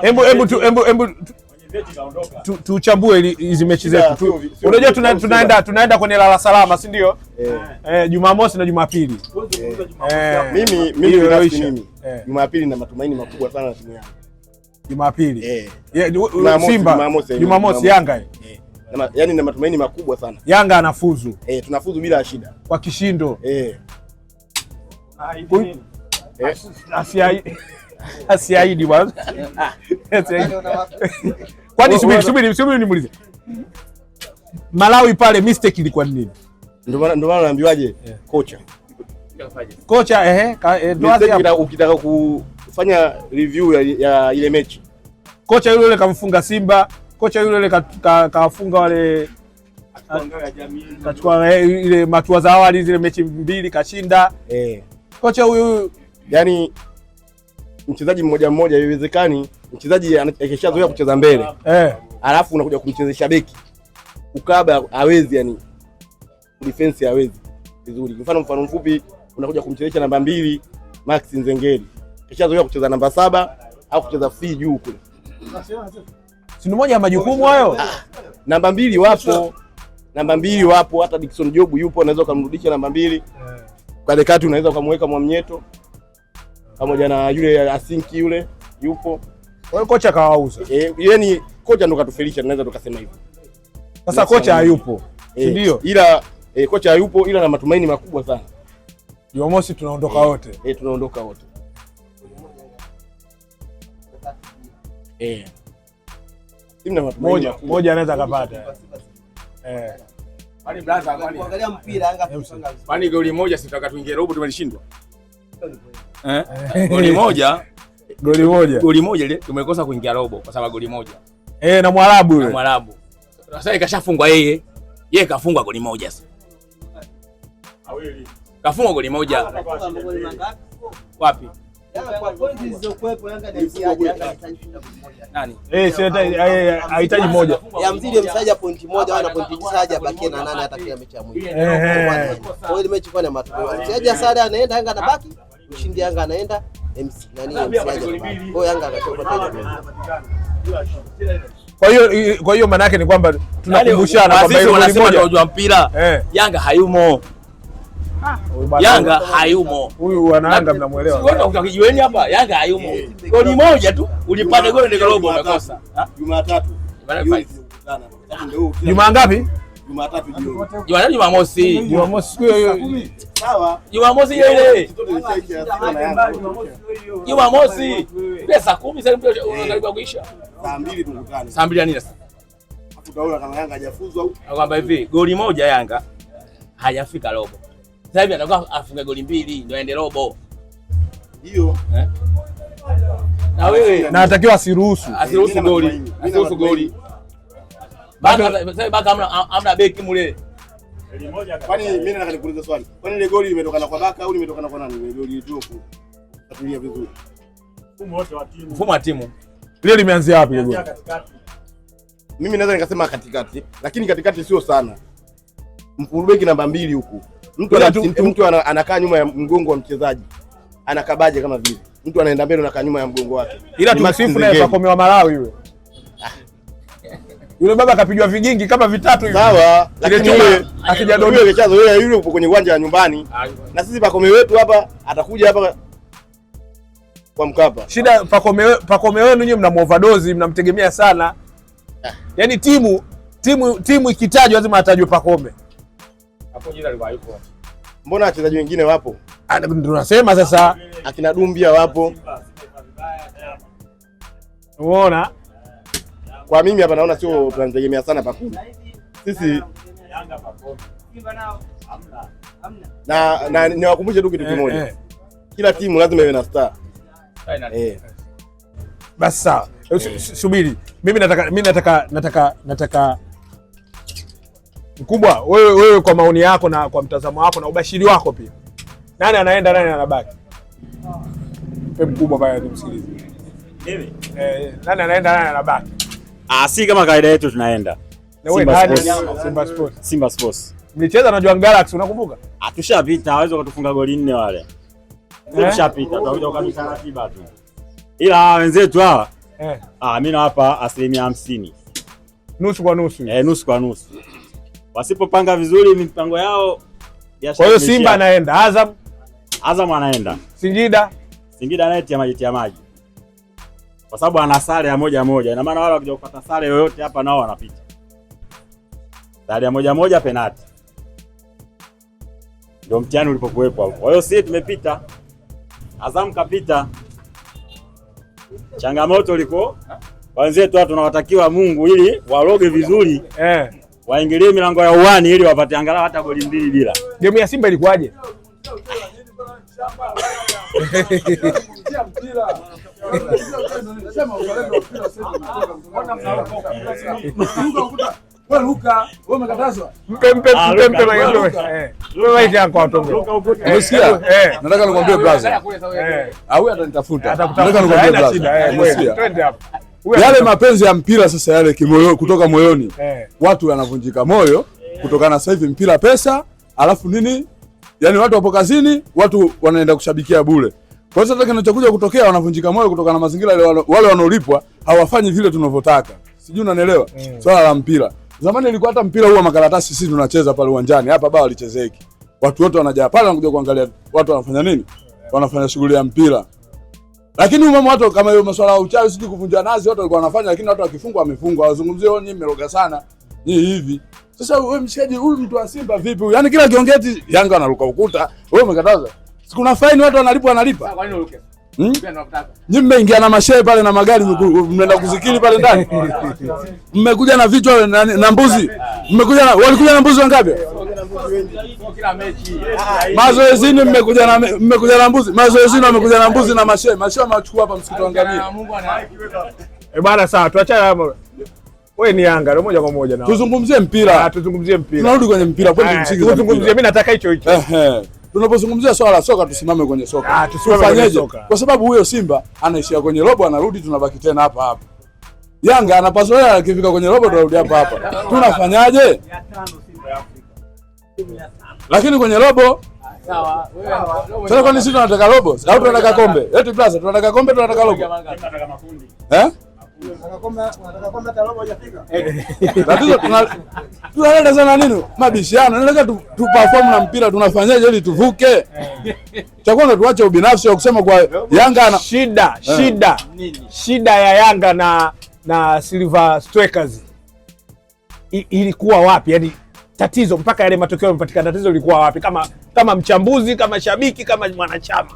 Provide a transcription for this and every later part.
Hebu hebu tu hebu hebu tuchambue hizi mechi zetu. Unajua tunaenda tunaenda kwenye lala salama, si ndio? Eh, eh, eh Jumamosi na Jumapili. Eh. Mimi mimi mimi Jumapili na matumaini makubwa sana na timu yangu. Jumapili. Simba Jumamosi Yanga. Yaani na matumaini makubwa sana. Yanga anafuzu. Eh, tunafuzu bila shida. Kwa kishindo. Eh. Ah, asiahidi bwana. Kwani subiri subiri subiri nimuulize. Malawi pale mistake ilikuwa nini? Ndio maana ndio maana naambiwaje kocha. Kocha ehe, eh, ukitaka kufanya review ya, ya ile mechi. Kocha yule yule kamfunga Simba, kocha yule yule kawafunga wale kachukua eh, ile matua za awali zile mechi mbili kashinda. Eh. Kocha huyu yani mchezaji mmoja mmoja, haiwezekani. Mchezaji akishazoea kucheza mbele eh, alafu unakuja kumchezesha beki ukaba, hawezi yani defense hawezi vizuri. Mfano mfano mfupi, unakuja kumchezesha namba mbili Max Nzengeli kishazoea kucheza namba saba au kucheza free juu kule, si moja ya majukumu hayo. Ah, namba mbili wapo, namba mbili wapo, hata Dickson Job yupo, unaweza ukamrudisha namba mbili, eh. kadekati unaweza ukamweka Mwamnyeto pamoja na yule asinki yule yupo. Kwa hiyo kocha kawauza. Eh, yani kocha ndo katufelisha, tunaweza tukasema hivyo. Sasa kocha hayupo, si eh, ndio? Ila e, kocha hayupo ila na matumaini makubwa sana. Jumamosi tunaondoka eh, wote. E, e, tunaondoka wote. Eh. Timu na matumaini. Moja anaweza kapata. Eh. Kwani brother, kuangalia mpira anga kupanga. Kwani goli moja sitaka tuingie robo tumelishindwa. Eh? goli moja goli moja goli moja ile tumekosa kuingia robo kwa sababu goli moja eh, na Mwarabu yule, na Mwarabu sasa ikashafungwa yeye, yeye kafungwa goli moja sasa, ah, kafungwa goli moja wapi? Ahitaji eh, eh, moja ya mzidi msaja pointi moja wana pointi tisa aje abakie na nane hata mechi ya mwisho. Kwa hiyo mechi kwa na matokeo. Mchezaji sare anaenda Yanga anabaki mshindi Yanga anaenda MC nani MC kwa Yanga akatoka taji. Kwa hiyo kwa hiyo maana yake ni kwamba tunakumbushana yaani, kwamba hiyo ni ndio wa mpira eh. Yanga hayumo. Ah. Yanga hayumo. Huyu wanaanga mnamuelewa. Wewe unakuta kijiweni hapa Yanga hayumo. Eh, goli moja tu ulipata goli ndio robo umekosa. Jumatatu. Jumaa ngapi? Jumatatu jioni. Jumatatu Jumamosi. Jumamosi siku hiyo. Jumamosi hiyo ile, Jumamosi ile saa kumi karibu eh. kuisha, saa mbili na nini. Nakwambia hivi goli moja Yanga hajafika robo, sasa hivi atakuwa afunga goli mbili ndio aende robo hiyo eh? na wewe na atakiwa asiruhusu eh, asiruhusu goli, asiruhusu goli baka, amna beki mule Kwani mimi nataka nikuulize swali. Kwani ile goli imetokana kwa baka au imetokana kwa nani? Ile goli iliyopo. Atulia vizuri. Mfumo wote wa timu. Mfumo wa timu. Ile limeanzia wapi ile goli? Mimi naweza nikasema katikati, lakini katikati sio sana. Mfurubeki namba mbili huku. Mtu mtu anakaa nyuma ya mgongo wa mchezaji. Anakabaje kama vile. Mtu anaenda mbele na anakaa nyuma ya mgongo wake. Ila tumsifu naye kwa komewa Malawi yule. Yule baba akapigwa vigingi kama vitatu hivi. Sawa. Lakini yule akijadondoka yule chazo yule yule upo kwenye uwanja wa nyumbani. Ah, Na sisi pakome wetu hapa atakuja hapa kwa Mkapa. Shida pakome pakome wenu nyinyi mna overdose mnamtegemea sana. Eh. Yaani timu timu timu ikitajwa lazima atajwe pakome. Hapo jina alikuwa yupo. Mbona wachezaji wengine wapo? Ah, ndio nasema sasa akina Dumbia wapo. Unaona? kwa mimi hapa naona sio tunategemea sana pakubwa sisi na, na niwakumbushe tu kitu eh, kimoja eh, eh. Kila timu lazima iwe na star eh. Basi sawa eh. Subiri mimi nataka, mimi nataka, nataka, nataka mkubwa wewe, wewe kwa maoni yako na kwa mtazamo wako na ubashiri wako pia, nani anaenda nani anabaki? Mkubwa pale tumsikilize. Eh, eh, nani anaenda nani anabaki? Ah, si kama kawaida yetu tunaenda Simba Sports. Simba Sports. Simba Sports. Mlicheza na Jwaneng Galaxy unakumbuka? Ah, tushapita, hawezi kutufunga goli nne wale. Eh? Tushapita, tutakuja kwa ratiba tu. Ila wenzetu hawa eh, ah, mimi nawapa asilimia hamsini. Nusu kwa nusu. Eh, nusu kwa nusu. Wasipopanga vizuri mipango yao ya Kwa hiyo Simba anaenda, Azam Azam anaenda. Singida. Singida naye tia maji tia maji kwa sababu ana sare ya moja moja. Ina maana wale wakija kupata sare yoyote hapa nao wanapita. Sare ya moja moja penati, ndio mtihani ulipokuwepo hapo. Kwa hiyo sisi tumepita, Azam kapita, changamoto liko wenzetu watu tunawatakiwa Mungu ili waroge vizuri eh, waingilie milango ya uwani ili wapate angalau hata goli mbili bila. Game ya Simba ilikuwaje? Nataka nikwambie brother, atanitafuta. Nataka nikwambie brother, yale mapenzi ya mpira sasa, yale kimoyo, kutoka moyoni, eh. watu wanavunjika moyo kutokana sasa hivi mpira pesa, alafu nini, yani watu wapo kazini, watu wanaenda kushabikia bure. Kwa hiyo sasa kinachokuja kutokea wanavunjika moyo kutokana na mazingira wale, wale wanaolipwa hawafanyi vile tunavyotaka. Sijui unanielewa? Mm. Swala la mpira. Zamani ilikuwa hata mpira huwa makaratasi sisi tunacheza pale uwanjani. Hapa baa walichezeki. Watu wote wanajaa pale wanakuja kuangalia watu wanafanya nini? Wanafanya shughuli ya mpira. Lakini umeona watu kama hiyo masuala ya uchawi sijui kuvunja nazi watu walikuwa wanafanya lakini watu wakifungwa wamefungwa. Wazungumzie wao nyinyi mmeroga sana. Nyinyi hivi. Sasa wewe mshikaji, huyu mtu wa Simba vipi? Yaani kila kiongeti Yanga anaruka ukuta. Wewe umekataza. Sikuna faini watu wanalipa wanalipa. Kwa nini uruke? Nyinyi mmeingia na mashehe pale na magari mnaenda kuzikili pale ndani. Mmekuja na vichwa na mbuzi. Mmekuja na walikuja na mbuzi wangapi? Mazoezini mmekuja na mmekuja na mbuzi. Mazoezini wamekuja na mbuzi na mashehe. Mashehe wamewachukua hapa msikiti wa ngamia. Eh, bwana sawa, tuachane hapo. Wewe ni Yanga leo moja kwa moja na. Tuzungumzie mpira. Ah, tuzungumzie mpira. Tunarudi kwenye mpira. Kwa nini msingi? Tuzungumzie mimi nataka hicho hicho tunapozungumzia swala la soka tusimame kwenye soka. Ah, tufanyeje? Kwa sababu huyo Simba anaishia kwenye robo, anarudi, tunabaki tena hapa hapa. Yanga anapazoea, akifika kwenye robo tunarudi hapa hapa. Tunafanyaje? Lakini kwenye robo sawa. sasa, kwani sisi tunataka robo au tunataka kombe? Eti Plaza tunataka kombe, tunataka robo Tunataka makundi. eh? Tunaenda sana nini mabishano, nataka tu perform na mpira tunafanyaje ili tuvuke? Cha kwanza tuache ubinafsi wa kusema kwa Yanga na shida shida shida ya Yanga na na Silver Strikers ilikuwa wapi? Yani tatizo mpaka yale matokeo yamepatikana, tatizo lilikuwa wapi? Kama kama mchambuzi, kama shabiki, kama mwanachama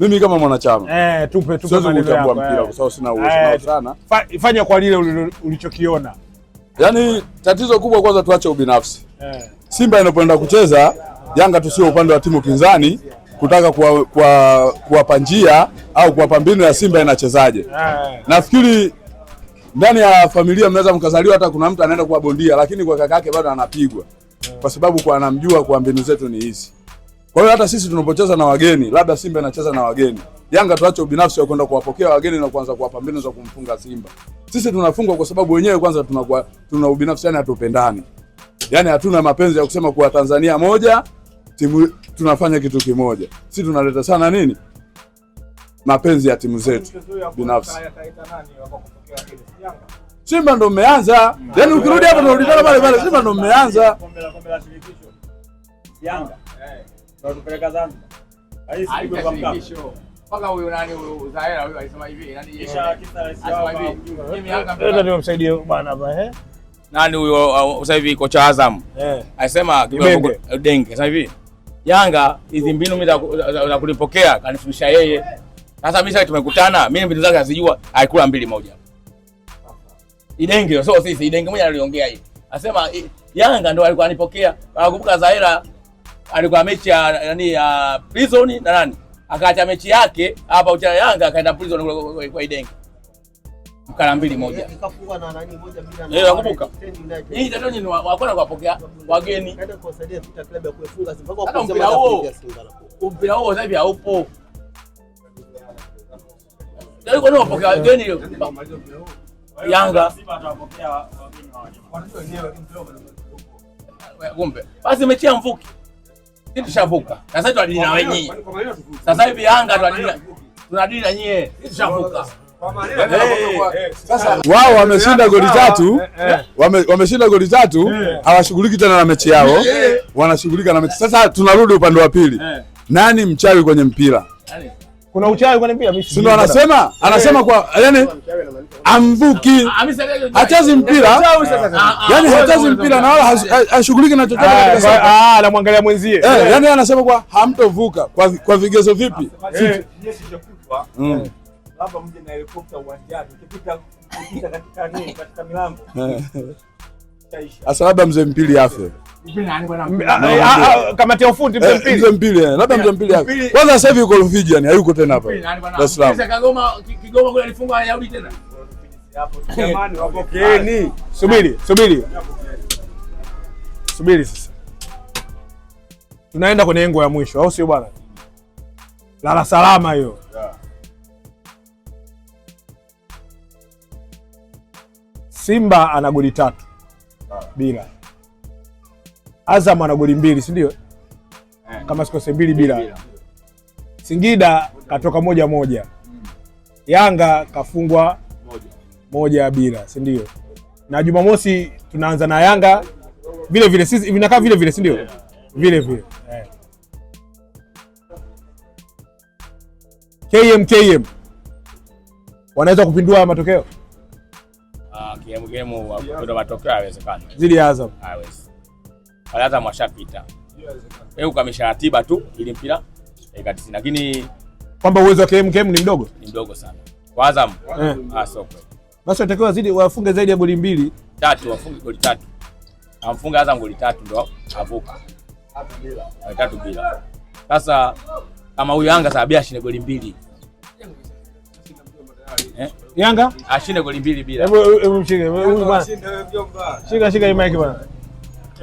mimi kama mwanachama eh, tupe tupe maneno yako mpira, eh. kwa sababu sina uwezo eh, sana. Fanya kwa lile ulichokiona. Yaani tatizo kubwa kwanza, tuache ubinafsi eh. Simba inapoenda kucheza Yanga, tusio upande wa timu pinzani kutaka kuwapa kuwa, kuwa njia au kuwapa mbinu ya Simba inachezaje eh. Nafikiri ndani ya familia mnaweza mkazaliwa hata kuna mtu anaenda kuwa bondia, lakini kwa kaka yake bado anapigwa, eh. kwa sababu kwa anamjua kwa mbinu zetu ni hizi kwa hiyo hata sisi tunapocheza na wageni, labda Simba inacheza na wageni, Yanga tuache ubinafsi wa kwenda kuwapokea wageni na kuanza kuwapa mbinu za kumfunga Simba. Sisi tunafungwa kwa sababu wenyewe kwanza tunakuwa tuna ubinafsi, yani hatupendani, yani hatuna mapenzi ya kusema kuwa Tanzania moja timu tunafanya kitu kimoja. Sisi tunaleta sana nini, mapenzi ya timu zetu binafsi. Simba ndo mmeanza, yani ukirudi hapo ndio pale pale, Simba ndo mmeanza Yanga tunatupeleka Zanzibar. Nimemsaidia bwana hapa eh. Nani huyo sasa hivi kocha Azam? Eh. Anasema Denge. Sasa hivi Yanga hizi mbinu mimi za kulipokea kanifundisha yeye. Sasa mimi tumekutana, mimi mbinu zake nazijua, haikula mbili moja. Idenge sio sisi, Idenge mwenyewe aliongea hivi. Anasema Yanga ndio alikuwa anipokea. Anakumbuka Zaira alikuwa mechi ya nani ya prison na nani, akaacha mechi yake hapa uchana Yanga akaenda prison kwa Idenge mkala mbili moja eh, eh, nakumbuka. Hii ndio ni kuwapokea wageni. Mpira huo sasa hivi haupo, wapokea wageni Yanga basi mechi ya mvuki sisi tushavuka. Sasa hivi tunadili na wenyewe. Sasa hivi Yanga tunadili tunadili na nyie. Sisi tushavuka. wao wameshinda goli tatu, eh, eh. wameshinda goli tatu, eh. hawashughuliki tena na mechi yao, wanashughulika na mechi. Sasa tunarudi upande wa pili. Nani mchawi kwenye mpira? kuna uchawi kwani pia mimi sio Anasema eh. anasema kwa yani amvuki, hachezi mpira yani, hachezi mpira na wala hashughuliki na chochote ah, katika ah, anamwangalia mwenzie eh, yani, anasema kwa hamtovuka kwa kwa vigezo vipi? Eh, mm. Labda mje na helikopta uwanjani, ukipita ukipita katika nini, katika milango. asababu mzee mpili afe Ah, ah, ah, kamati ya ufundi mzee eh, mpili, eh, labda eh, mzee mpili kwanza. Sasa hivi yuko Rufiji, yani hayuko tena hapa Dar es Salaam. Subiri, subiri, subiri. Sasa tunaenda kwenye engo ya mwisho, au sio bwana? Lala salama hiyo. Simba ana goli tatu bila Azam ana goli mbili, si ndio? Eh. Kama sikose mbili bila. Singida katoka moja moja. Yanga kafungwa moja bila, si ndio? Na Jumamosi tunaanza na Yanga vile vile, sisi vinakaa vile vile, si ndio? Vile vile. Eh. KM KM wanaweza kupindua matokeo. Ah, KM KM kupindua matokeo haiwezekani. Zidi Azam. Haiwezi. Azam ashapita eu kamisha ratiba tu ili mpira ikatisi, lakini kwamba uwezo wa KMKM ni mdogo ni mdogo sana kwa Azam eh. Aso ah, Basi watakiwa zidi wafunge zaidi ya goli mbili tatu, wafunge goli tatu, amfunga Azam goli tatu ndo avuka tatu bila. Sasa kama huyu Yanga sabia ashinde goli mbili eh? Yanga ashinde goli mbili bila. Hebu shika shika hii mic bwana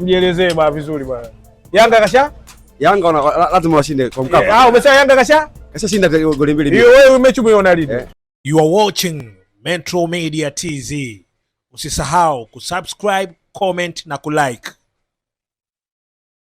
mjielezee bwana vizuri bwana. Yanga kasha Yanga lazima washinde kwa Mkapa. Ah, umesema Yanga kasha kasha shinda goli mbili. Hiyo wewe mechi umeiona lini? Eh. You are watching Metro Media TV. Usisahau kusubscribe, comment na kulike.